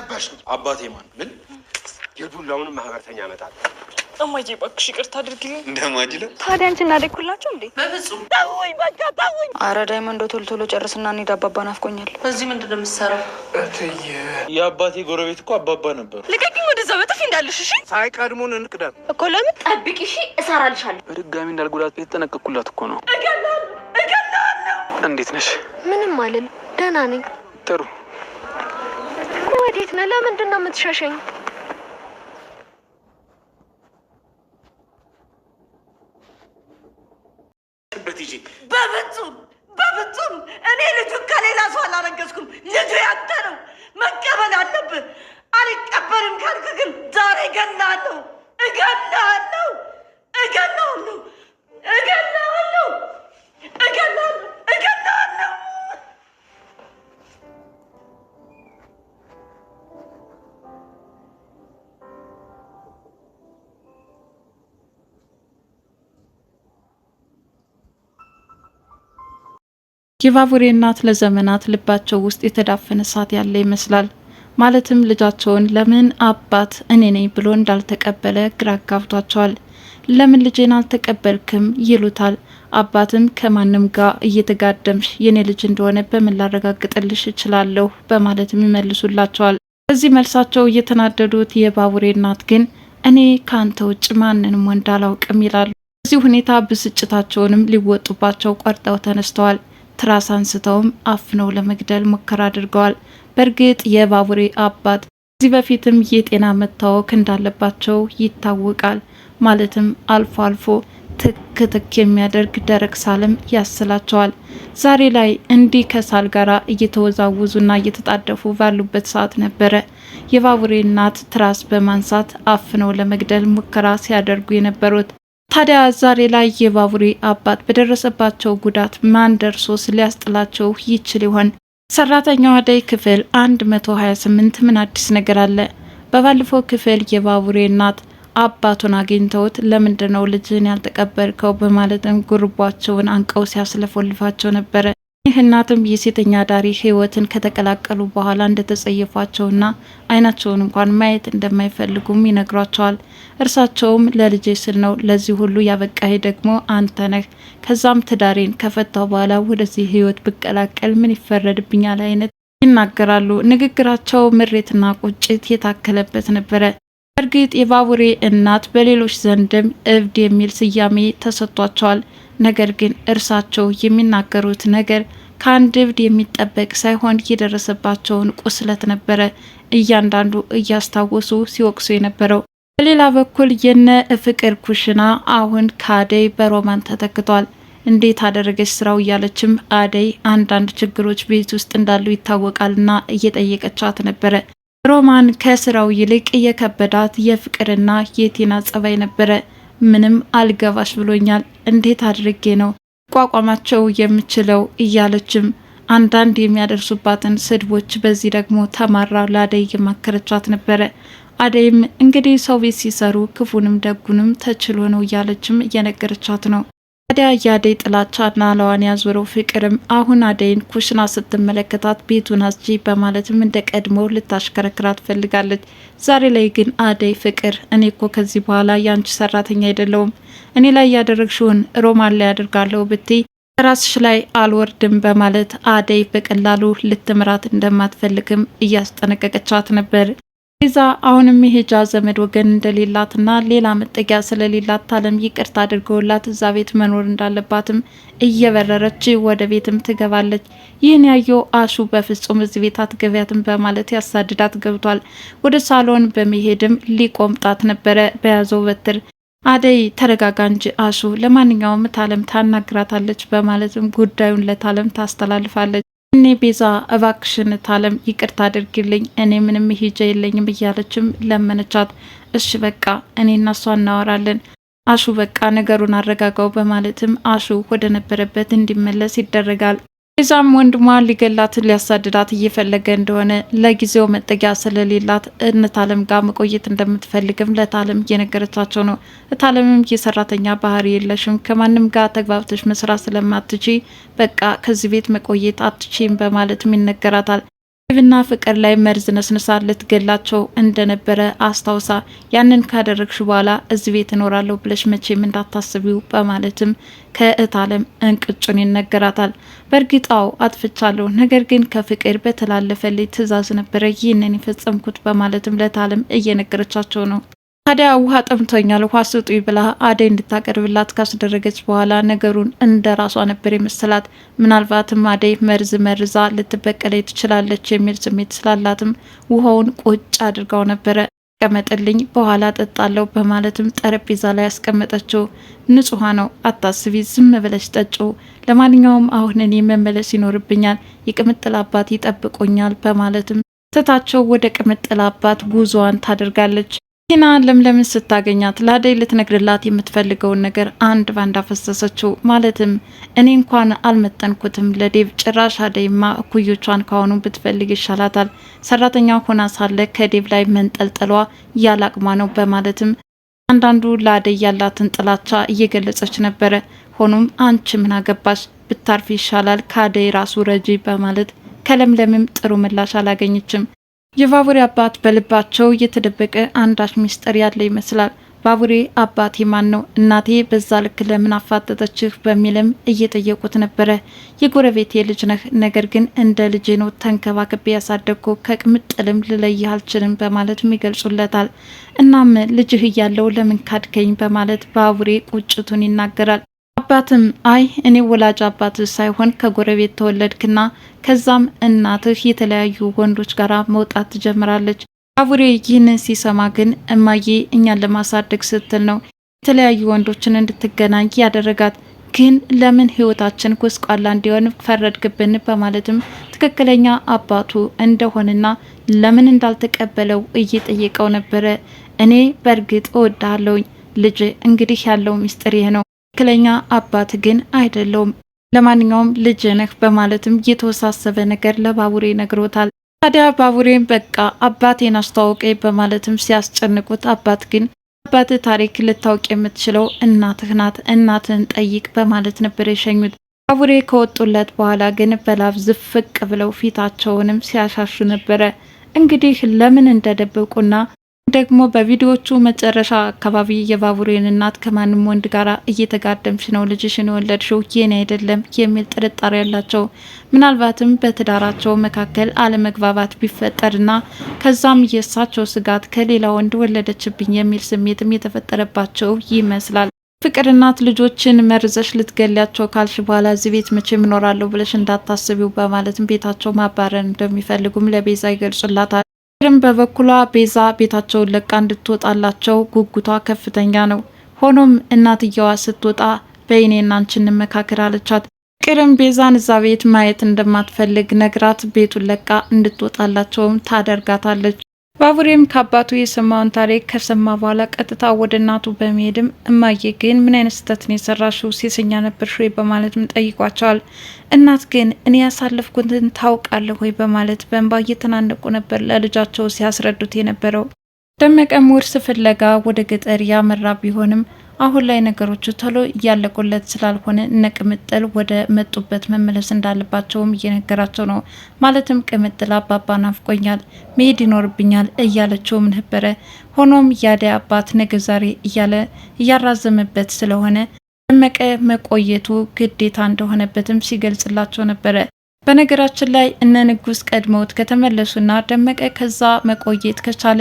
አባሽ ነው። አባቴ ማን ምን የዱላውንም ማህበርተኛ ያመጣል። እማዬ እባክሽ ይቅርታ አድርጊልኝ። እንደማጅለ ታዲያ አንቺ እናደግኩላችሁ እንዴ? በፍጹም ተውኝ፣ በቃ ተውኝ። አረ ዳይመንዶ ቶሎ ቶሎ ጨርስና እንሂድ፣ አባባ ናፍቆኛል። በዚህ ምንድን ነው የምትሰራው? እትዬ የአባቴ ጎረቤት እኮ አባባ ነበሩ። ልቀቂኝ፣ ወደዛ በጥፊ እንዳልሽ። እሺ ሳይቀድሙን እንቅደም እኮ ለምን ጠብቂ። እሺ እሰራልሻለሁ። በድጋሚ እንዳልጉዳት የተጠነቀቅኩላት እኮ ነው። እገላለሁ፣ እገላለሁ። እንዴት ነሽ? ምንም አልል፣ ደህና ነኝ። ጥሩ ወዴት ነህ? ለምንድን ነው የምትሸሸኝ? የባቡሬ እናት ለዘመናት ልባቸው ውስጥ የተዳፈነ እሳት ያለ ይመስላል። ማለትም ልጃቸውን ለምን አባት እኔ ነኝ ብሎ እንዳልተቀበለ ግራ አጋብቷቸዋል። ለምን ልጄን አልተቀበልክም ይሉታል። አባትም ከማንም ጋር እየተጋደምሽ የኔ ልጅ እንደሆነ በምን ላረጋግጥልሽ እችላለሁ በማለትም ይመልሱላቸዋል። በዚህ መልሳቸው እየተናደዱት የባቡሬ እናት ግን እኔ ከአንተ ውጭ ማንንም ወንድ አላውቅም ይላሉ። በዚህ ሁኔታ ብስጭታቸውንም ሊወጡባቸው ቆርጠው ተነስተዋል። ትራስ አንስተውም አፍነው ለመግደል ሙከራ አድርገዋል። በእርግጥ የባቡሬ አባት ከዚህ በፊትም የጤና መታወክ እንዳለባቸው ይታወቃል። ማለትም አልፎ አልፎ ትክ ትክ የሚያደርግ ደረቅ ሳልም ያስላቸዋል። ዛሬ ላይ እንዲህ ከሳል ጋር እየተወዛወዙና እየተጣደፉ ባሉበት ሰዓት ነበረ የባቡሬ እናት ትራስ በማንሳት አፍነው ለመግደል ሙከራ ሲያደርጉ የነበሩት። ታዲያ ዛሬ ላይ የባቡሬ አባት በደረሰባቸው ጉዳት ማን ደርሶ ሊያስጥላቸው ይችል ይሆን? ሰራተኛዋ አደይ ክፍል 128 ምን አዲስ ነገር አለ? በባለፈው ክፍል የባቡሬ እናት አባቱን አግኝተውት ለምንድነው ልጅን ያልተቀበልከው በማለትም ጉርቧቸውን አንቀው ሲያስለፈልፋቸው ነበረ። ይህ እናትም የሴተኛ አዳሪ ህይወትን ከተቀላቀሉ በኋላ እንደተጸየፏቸውና አይናቸውን እንኳን ማየት እንደማይፈልጉም ይነግሯቸዋል። እርሳቸውም ለልጄ ስል ነው ለዚህ ሁሉ ያበቃህ ደግሞ አንተ ነህ፣ ከዛም ትዳሬን ከፈታው በኋላ ወደዚህ ህይወት ብቀላቀል ምን ይፈረድብኛል አይነት ይናገራሉ። ንግግራቸው ምሬትና ቁጭት የታከለበት ነበረ። እርግጥ የባቡሬ እናት በሌሎች ዘንድም እብድ የሚል ስያሜ ተሰጥቷቸዋል። ነገር ግን እርሳቸው የሚናገሩት ነገር ከአንድ እብድ የሚጠበቅ ሳይሆን የደረሰባቸውን ቁስለት ነበረ እያንዳንዱ እያስታወሱ ሲወቅሱ የነበረው። በሌላ በኩል የነ ፍቅር ኩሽና አሁን ከአደይ በሮማን ተተክቷል። እንዴት አደረገች ስራው እያለችም አደይ አንዳንድ ችግሮች ቤት ውስጥ እንዳሉ ይታወቃልና እየጠየቀቻት ነበረ። ሮማን ከስራው ይልቅ የከበዳት የፍቅርና የቴና ጸባይ ነበረ። ምንም አልገባሽ ብሎኛል። እንዴት አድርጌ ነው ቋቋማቸው የምችለው እያለችም አንዳንድ የሚያደርሱባትን ስድቦች በዚህ ደግሞ ተማራ ለአደይ የማከረቻት ነበረ። አደይም እንግዲህ ሰው ቤት ሲሰሩ ክፉንም ደጉንም ተችሎ ነው እያለችም እየነገረቻት ነው። ታዲያ የአደይ ጥላቻና ለዋን ያዞረው ፍቅርም አሁን አደይን ኩሽና ስትመለከታት ቤቱን አስጂ በማለትም እንደ ቀድሞ ልታሽከረክራ ትፈልጋለች። ዛሬ ላይ ግን አደይ ፍቅር እኔ እኮ ከዚህ በኋላ የአንቺ ሰራተኛ አይደለውም እኔ ላይ ያደረግሽውን ሮማን ላይ ያደርጋለሁ ብትይ ራስሽ ላይ አልወርድም በማለት አደይ በቀላሉ ልትምራት እንደማትፈልግም እያስጠነቀቀቻት ነበር። ቤዛ አሁንም መሄጃ ዘመድ ወገን እንደሌላትና ሌላ መጠጊያ ስለሌላት ታለም ይቅርታ አድርገውላት እዛ ቤት መኖር እንዳለባትም እየበረረች ወደ ቤትም ትገባለች። ይህን ያየው አሹ በፍጹም እዚህ ቤት አትገቢያትም በማለት ያሳድዳት ገብቷል። ወደ ሳሎን በመሄድም ሊቆምጣት ነበረ በያዘው በትር። አደይ ተረጋጋ እንጂ አሹ፣ ለማንኛውም ታለም ታናግራታለች በማለትም ጉዳዩን ለታለም ታስተላልፋለች። እኔ ቤዛ እባክሽን ታለም ይቅርታ አድርግልኝ፣ እኔ ምንም ሂጃ የለኝም እያለችም ለመነቻት። እሺ በቃ እኔ እና እሷ እናወራለን፣ አሹ በቃ ነገሩን አረጋጋው በማለትም አሹ ወደ ነበረበት እንዲመለስ ይደረጋል። ቤዛም ወንድሟ ሊገላት ሊያሳድዳት እየፈለገ እንደሆነ ለጊዜው መጠጊያ ስለሌላት እነታለም ጋር መቆየት እንደምትፈልግም ለታለም እየነገረቻቸው ነው። እታለምም የሰራተኛ ባህሪ የለሽም፣ ከማንም ጋር ተግባብተሽ መስራት ስለማትች በቃ ከዚህ ቤት መቆየት አትችም በማለትም ይነገራታል። ና ፍቅር ላይ መርዝ ነስንሳ ልትገላቸው እንደነበረ አስታውሳ ያንን ካደረግሽ በኋላ እዚህ ቤት እኖራለሁ ብለሽ መቼም እንዳታስቢው በማለትም አለም እንቅጩን ይነገራታል። በእርግጣው አጥፍቻለሁ፣ ነገር ግን ከፍቅር በተላለፈልኝ ትዕዛዝ ነበረ ይህንን የፈጸምኩት በማለትም ለታለም እየነገረቻቸው ነው። ታዲያ ውሃ ጠምቶኛል ውሃ ስጡኝ ብላ አደይ እንድታቀርብላት ካስደረገች በኋላ ነገሩን እንደ ራሷ ነበር የመሰላት። ምናልባትም አደይ መርዝ መርዛ ልትበቀለ ትችላለች የሚል ስሜት ስላላትም ውሃውን ቁጭ አድርጋው ነበረ። ቀመጥልኝ በኋላ ጠጣለው በማለትም ጠረጴዛ ላይ ያስቀመጠችው ንጹህ ነው፣ አታስቢ፣ ዝም ብለሽ ጠጩ። ለማንኛውም አሁን እኔ መመለስ ይኖርብኛል፣ የቅምጥል አባት ይጠብቆኛል በማለትም ትታቸው ወደ ቅምጥል አባት ጉዞዋን ታደርጋለች። ቲና ለምለምን ስታገኛት ለአደይ ልትነግርላት የምትፈልገውን ነገር አንድ ባንድ አፈሰሰችው። ማለትም እኔ እንኳን አልመጠንኩትም ለዴቭ፣ ጭራሽ አደይማ እኩዮቿን ካሁኑ ብትፈልግ ይሻላታል፣ ሰራተኛ ሆና ሳለ ከዴቭ ላይ መንጠልጠሏ ያላቅማ ነው በማለትም አንዳንዱ ለአደይ ያላትን ጥላቻ እየገለጸች ነበረ። ሆኖም አንቺ ምን አገባሽ ብታርፍ ይሻላል ከአደይ ራሱ ረጂ በማለት ከለምለምም ጥሩ ምላሽ አላገኘችም። የባቡሬ አባት በልባቸው እየተደበቀ አንዳች ምስጢር ያለ ይመስላል። ባቡሬ አባቴ ማን ነው? እናቴ በዛ ልክ ለምን አፋጠጠችህ? በሚልም እየጠየቁት ነበረ። የጎረቤቴ ልጅ ነህ፣ ነገር ግን እንደ ልጄ ነው ተንከባክቤ ያሳደግኩ፣ ከቅምጥልም ልለይህ አልችልም በማለትም ይገልጹለታል። እናም ልጅህ እያለው ለምን ካድከኝ? በማለት ባቡሬ ቁጭቱን ይናገራል። አባትም አይ እኔ ወላጅ አባትህ ሳይሆን ከጎረቤት ተወለድክና ከዛም እናትህ የተለያዩ ወንዶች ጋር መውጣት ትጀምራለች። አቡሬ ይህንን ሲሰማ ግን እማዬ እኛን ለማሳደግ ስትል ነው የተለያዩ ወንዶችን እንድትገናኝ ያደረጋት ግን ለምን ህይወታችን ጉስቋላ እንዲሆን ፈረድግብን በማለትም ትክክለኛ አባቱ እንደሆነና ለምን እንዳልተቀበለው እየጠየቀው ነበረ። እኔ በእርግጥ እወዳለሁኝ ልጅ፣ እንግዲህ ያለው ምስጢር ይህ ነው ትክክለኛ አባት ግን አይደለውም። ለማንኛውም ልጅ ነህ በማለትም የተወሳሰበ ነገር ለባቡሬ ነግሮታል። ታዲያ ባቡሬን በቃ አባቴን አስተዋውቄ በማለትም ሲያስጨንቁት፣ አባት ግን አባት ታሪክ ልታውቅ የምትችለው እናትህ ናት፣ እናትህን ጠይቅ በማለት ነበር የሸኙት። ባቡሬ ከወጡለት በኋላ ግን በላብ ዝፍቅ ብለው ፊታቸውንም ሲያሻሹ ነበረ። እንግዲህ ለምን እንደደበቁና ደግሞ በቪዲዮቹ መጨረሻ አካባቢ የባቡሬን እናት ከማንም ወንድ ጋር እየተጋደምሽ ነው ልጅሽን የወለድሽው የኔ አይደለም የሚል ጥርጣሬ ያላቸው ምናልባትም በትዳራቸው መካከል አለመግባባት ቢፈጠርና ከዛም የእሳቸው ስጋት ከሌላ ወንድ ወለደችብኝ የሚል ስሜትም የተፈጠረባቸው ይመስላል። ፍቅር እናት ልጆችን መርዘሽ ልትገሊያቸው ካልሽ በኋላ እዚህ ቤት መቼም እኖራለሁ ብለሽ እንዳታስቢው በማለትም ቤታቸው ማባረር እንደሚፈልጉም ለቤዛ ይገልጹላታል። ድም በበኩሏ ቤዛ ቤታቸውን ለቃ እንድትወጣላቸው ጉጉቷ ከፍተኛ ነው። ሆኖም እናትየዋ ስትወጣ በይኔ እናንቺ እንመካከር አለቻት። ቅድም ቤዛን እዛ ቤት ማየት እንደማትፈልግ ነግራት ቤቱን ለቃ እንድትወጣላቸውም ታደርጋታለች። ባቡሬም ከአባቱ የሰማውን ታሪክ ከሰማ በኋላ ቀጥታ ወደ እናቱ በመሄድም እማዬ ግን ምን አይነት ስህተትን የሰራሹ ሴሰኛ ነበር ሹ በማለትም ጠይቋቸዋል። እናት ግን እኔ ያሳለፍኩትን ታውቃለህ ወይ በማለት በእንባ እየተናነቁ ነበር ለልጃቸው ሲያስረዱት የነበረው። ደመቀም ውርስ ፍለጋ ወደ ገጠር ያመራ ቢሆንም አሁን ላይ ነገሮቹ ቶሎ እያለቁለት ስላልሆነ እነ ቅምጥል ወደ መጡበት መመለስ እንዳለባቸውም እየነገራቸው ነው። ማለትም ቅምጥል አባባ ናፍቆኛል፣ መሄድ ይኖርብኛል እያለችውም ነበረ። ሆኖም ያደይ አባት ነገ ዛሬ እያለ እያራዘመበት ስለሆነ ደመቀ መቆየቱ ግዴታ እንደሆነበትም ሲገልጽላቸው ነበረ። በነገራችን ላይ እነ ንጉስ ቀድመውት ከተመለሱና ደመቀ ከዛ መቆየት ከቻለ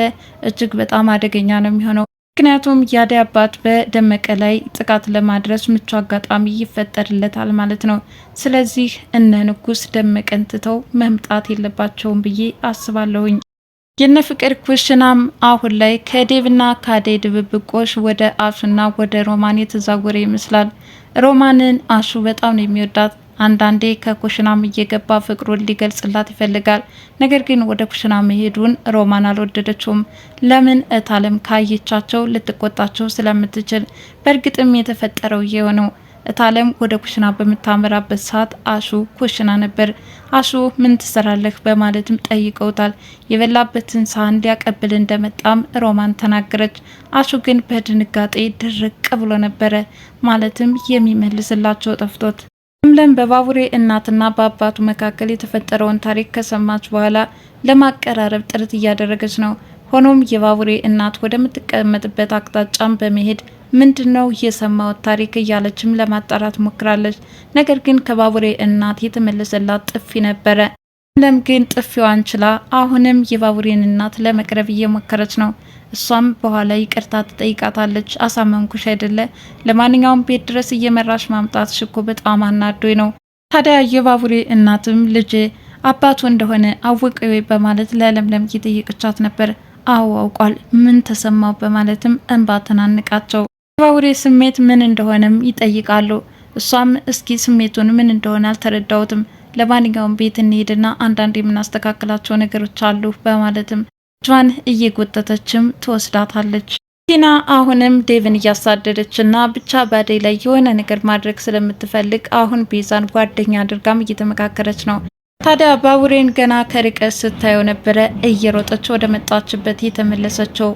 እጅግ በጣም አደገኛ ነው የሚሆነው። ምክንያቱም የአደይ አባት በደመቀ ላይ ጥቃት ለማድረስ ምቹ አጋጣሚ ይፈጠርለታል ማለት ነው። ስለዚህ እነ ንጉስ ደመቀን ትተው መምጣት የለባቸውም ብዬ አስባለሁኝ። የነ ፍቅር ኩሽናም አሁን ላይ ከዴብና ከአደይ ድብብቆሽ ወደ አሹና ወደ ሮማን የተዛወረ ይመስላል። ሮማንን አሹ በጣም ነው የሚወዳት። አንዳንዴ ከኩሽናም እየገባ ፍቅሩን ሊገልጽላት ይፈልጋል። ነገር ግን ወደ ኩሽና መሄዱን ሮማን አልወደደችውም። ለምን እታለም ካየቻቸው ልትቆጣቸው ስለምትችል፣ በእርግጥም የተፈጠረው ይሄው ነው። እታለም ወደ ኩሽና በምታመራበት ሰዓት አሹ ኩሽና ነበር። አሹ ምን ትሰራለህ በማለትም ጠይቀውታል። የበላበትን ሳህን ሊያቀብል እንደመጣም ሮማን ተናገረች። አሹ ግን በድንጋጤ ድርቅ ብሎ ነበረ። ማለትም የሚመልስላቸው ጠፍቶት ለምለም በባቡሬ እናትና በአባቱ መካከል የተፈጠረውን ታሪክ ከሰማች በኋላ ለማቀራረብ ጥረት እያደረገች ነው። ሆኖም የባቡሬ እናት ወደምትቀመጥበት አቅጣጫም በመሄድ ምንድን ነው የሰማሁት ታሪክ እያለችም ለማጣራት ሞክራለች። ነገር ግን ከባቡሬ እናት የተመለሰላት ጥፊ ነበረ። ለምለም ግን ጥፊዋን ችላ አሁንም የባቡሬን እናት ለመቅረብ እየሞከረች ነው። እሷም በኋላ ይቅርታ ትጠይቃታለች። አሳመንኩሽ አይደለ? ለማንኛውም ቤት ድረስ እየመራሽ ማምጣት ሽኮ በጣም አናዶኝ ነው። ታዲያ የባቡሬ እናትም ልጄ አባቱ እንደሆነ አወቀ በማለት ለለምለም እየጠየቀቻት ነበር። አዎ አውቋል፣ ምን ተሰማው በማለትም እንባ ተናንቃቸው የባቡሬ ስሜት ምን እንደሆነም ይጠይቃሉ። እሷም እስኪ ስሜቱን ምን እንደሆነ አልተረዳውትም ለማንኛውም ቤት እንሄድና አንዳንድ የምናስተካክላቸው ነገሮች አሉ በማለትም እጇን እየጎተተችም ትወስዳታለች። ቲና አሁንም ዴቭን እያሳደደች እና ብቻ በአደይ ላይ የሆነ ነገር ማድረግ ስለምትፈልግ አሁን ቤዛን ጓደኛ አድርጋም እየተመካከረች ነው። ታዲያ ባቡሬን ገና ከርቀት ስታየው ነበረ እየሮጠች ወደ መጣችበት የተመለሰችው።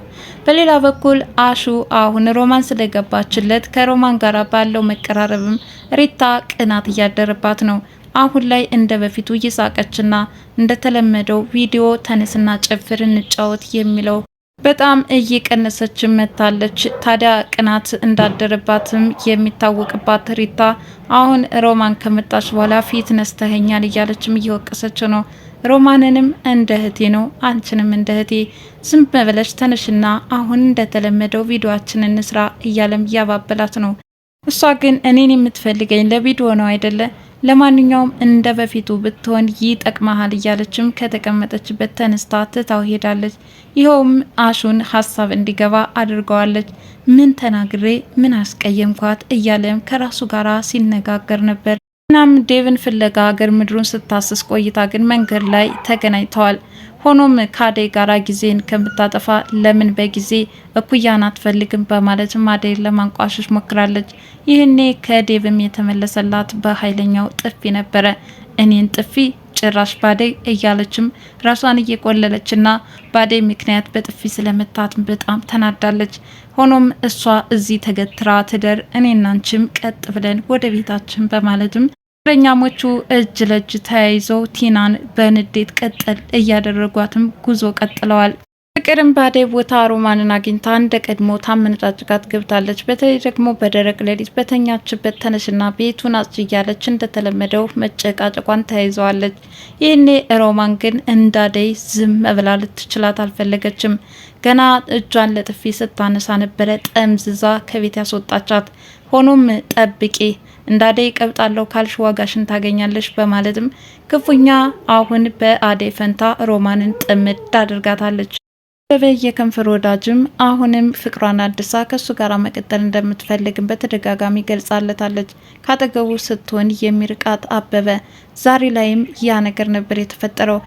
በሌላ በኩል አሹ አሁን ሮማን ስለገባችለት ከሮማን ጋር ባለው መቀራረብም ሪታ ቅናት እያደረባት ነው። አሁን ላይ እንደ በፊቱ እየሳቀችና እንደተለመደው ቪዲዮ ተነስና ጨፍር እንጫወት የሚለው በጣም እየቀነሰች መታለች። ታዲያ ቅናት እንዳደረባትም የሚታወቅባት ሪታ አሁን ሮማን ከመጣች በኋላ ፊት ነስተኸኛል እያለችም እየወቀሰች ነው። ሮማንንም እንደ እህቴ ነው አንቺንም እንደ እህቴ ዝም በለሽ ተነሽና አሁን እንደተለመደው ቪዲዮችን እንስራ እያለም እያባበላት ነው። እሷ ግን እኔን የምትፈልገኝ ለቪዲዮ ነው አይደለ ለማንኛውም እንደ በፊቱ ብትሆን ይጠቅመሃል እያለችም ከተቀመጠችበት ተነስታ ትታው ሄዳለች። ይኸውም አሹን ሀሳብ እንዲገባ አድርገዋለች። ምን ተናግሬ ምን አስቀየምኳት እያለም ከራሱ ጋራ ሲነጋገር ነበር። እናም ዴቭን ፍለጋ ሀገር ምድሩን ስታስስ ቆይታ ግን መንገድ ላይ ተገናኝተዋል። ሆኖም ከአደይ ጋራ ጊዜን ከምታጠፋ ለምን በጊዜ እኩያን አትፈልግም በማለትም አደይን ለማንቋሸሽ ሞክራለች። ይህኔ ከዴቭም የተመለሰላት በኃይለኛው ጥፊ ነበረ። እኔን ጥፊ ጭራሽ ባደይ እያለችም ራሷን እየቆለለችና ባደይ ምክንያት በጥፊ ስለመታት በጣም ተናዳለች። ሆኖም እሷ እዚህ ተገትራ ትደር፣ እኔናንችም ቀጥ ብለን ወደ ቤታችን በማለትም ፍቅረኛሞቹ እጅ ለእጅ ተያይዘው ቲናን በንዴት ቀጠል እያደረጓትም ጉዞ ቀጥለዋል። ፍቅርም በአደይ ቦታ ሮማንን አግኝታ እንደ ቀድሞ ታመነጫጭቃት ገብታለች። በተለይ ደግሞ በደረቅ ሌሊት በተኛችበት ተነሽና ቤቱን አጭ እያለች እንደተለመደው መጨቃጨቋን ተያይዘዋለች። ይህኔ ሮማን ግን እንዳደይ ዝም መብላ ልትችላት አልፈለገችም። ገና እጇን ለጥፊ ስታነሳ ነበረ ጠምዝዛ ከቤት ያስወጣቻት። ሆኖም ጠብቄ። እንዳደይ ቀብጣለው ካልሽ ዋጋሽን ታገኛለሽ በማለትም ክፉኛ አሁን በአደይ ፈንታ ሮማንን ጥምድ አድርጋታለች። በበይ የከንፈር ወዳጅም አሁንም ፍቅሯን አድሳ ከእሱ ጋር መቀጠል እንደምትፈልግም በተደጋጋሚ ገልጻለታለች። ካጠገቡ ስትሆን የሚርቃት አበበ ዛሬ ላይም ያ ነገር ነበር የተፈጠረው።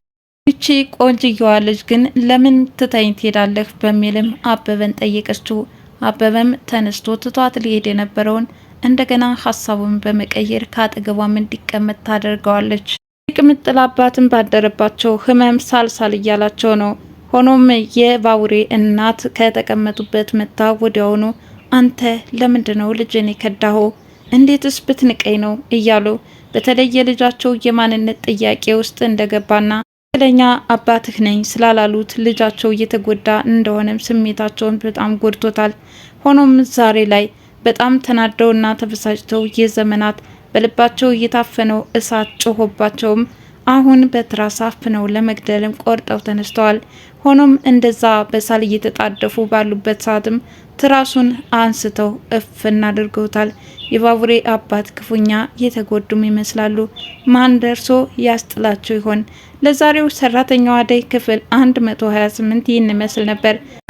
ይቺ ቆንጅየዋ ልጅ ግን ለምን ትተኝ ትሄዳለህ በሚልም አበበን ጠየቀችው። አበበም ተነስቶ ትቷት ሊሄድ የነበረውን እንደገና ሀሳቡን በመቀየር ከአጠገቧም እንዲቀመጥ ታደርገዋለች። የቅምጥል አባትን ባደረባቸው ህመም ሳልሳል እያላቸው ነው። ሆኖም የባቡሬ እናት ከተቀመጡበት መታ ወዲያውኑ አንተ ለምንድነው ልጅን የከዳሁ? እንዴትስ ብትንቀኝ ነው እያሉ በተለየ ልጃቸው የማንነት ጥያቄ ውስጥ እንደገባና ለኛ አባትህ ነኝ ስላላሉት ልጃቸው እየተጎዳ እንደሆነም ስሜታቸውን በጣም ጎድቶታል። ሆኖም ዛሬ ላይ በጣም ተናደውና ተበሳጭተው የዘመናት በልባቸው እየታፈነው እሳት ጮሆባቸውም አሁን በትራስ አፍነው ለመግደልም ቆርጠው ተነስተዋል። ሆኖም እንደዛ በሳል እየተጣደፉ ባሉበት ሰዓትም ትራሱን አንስተው እፍን አድርገውታል። የባቡሬ አባት ክፉኛ የተጎዱም ይመስላሉ። ማን ደርሶ ያስጥላቸው ይሆን? ለዛሬው ሰራተኛዋ አደይ ክፍል 128 ይህን ይመስል ነበር።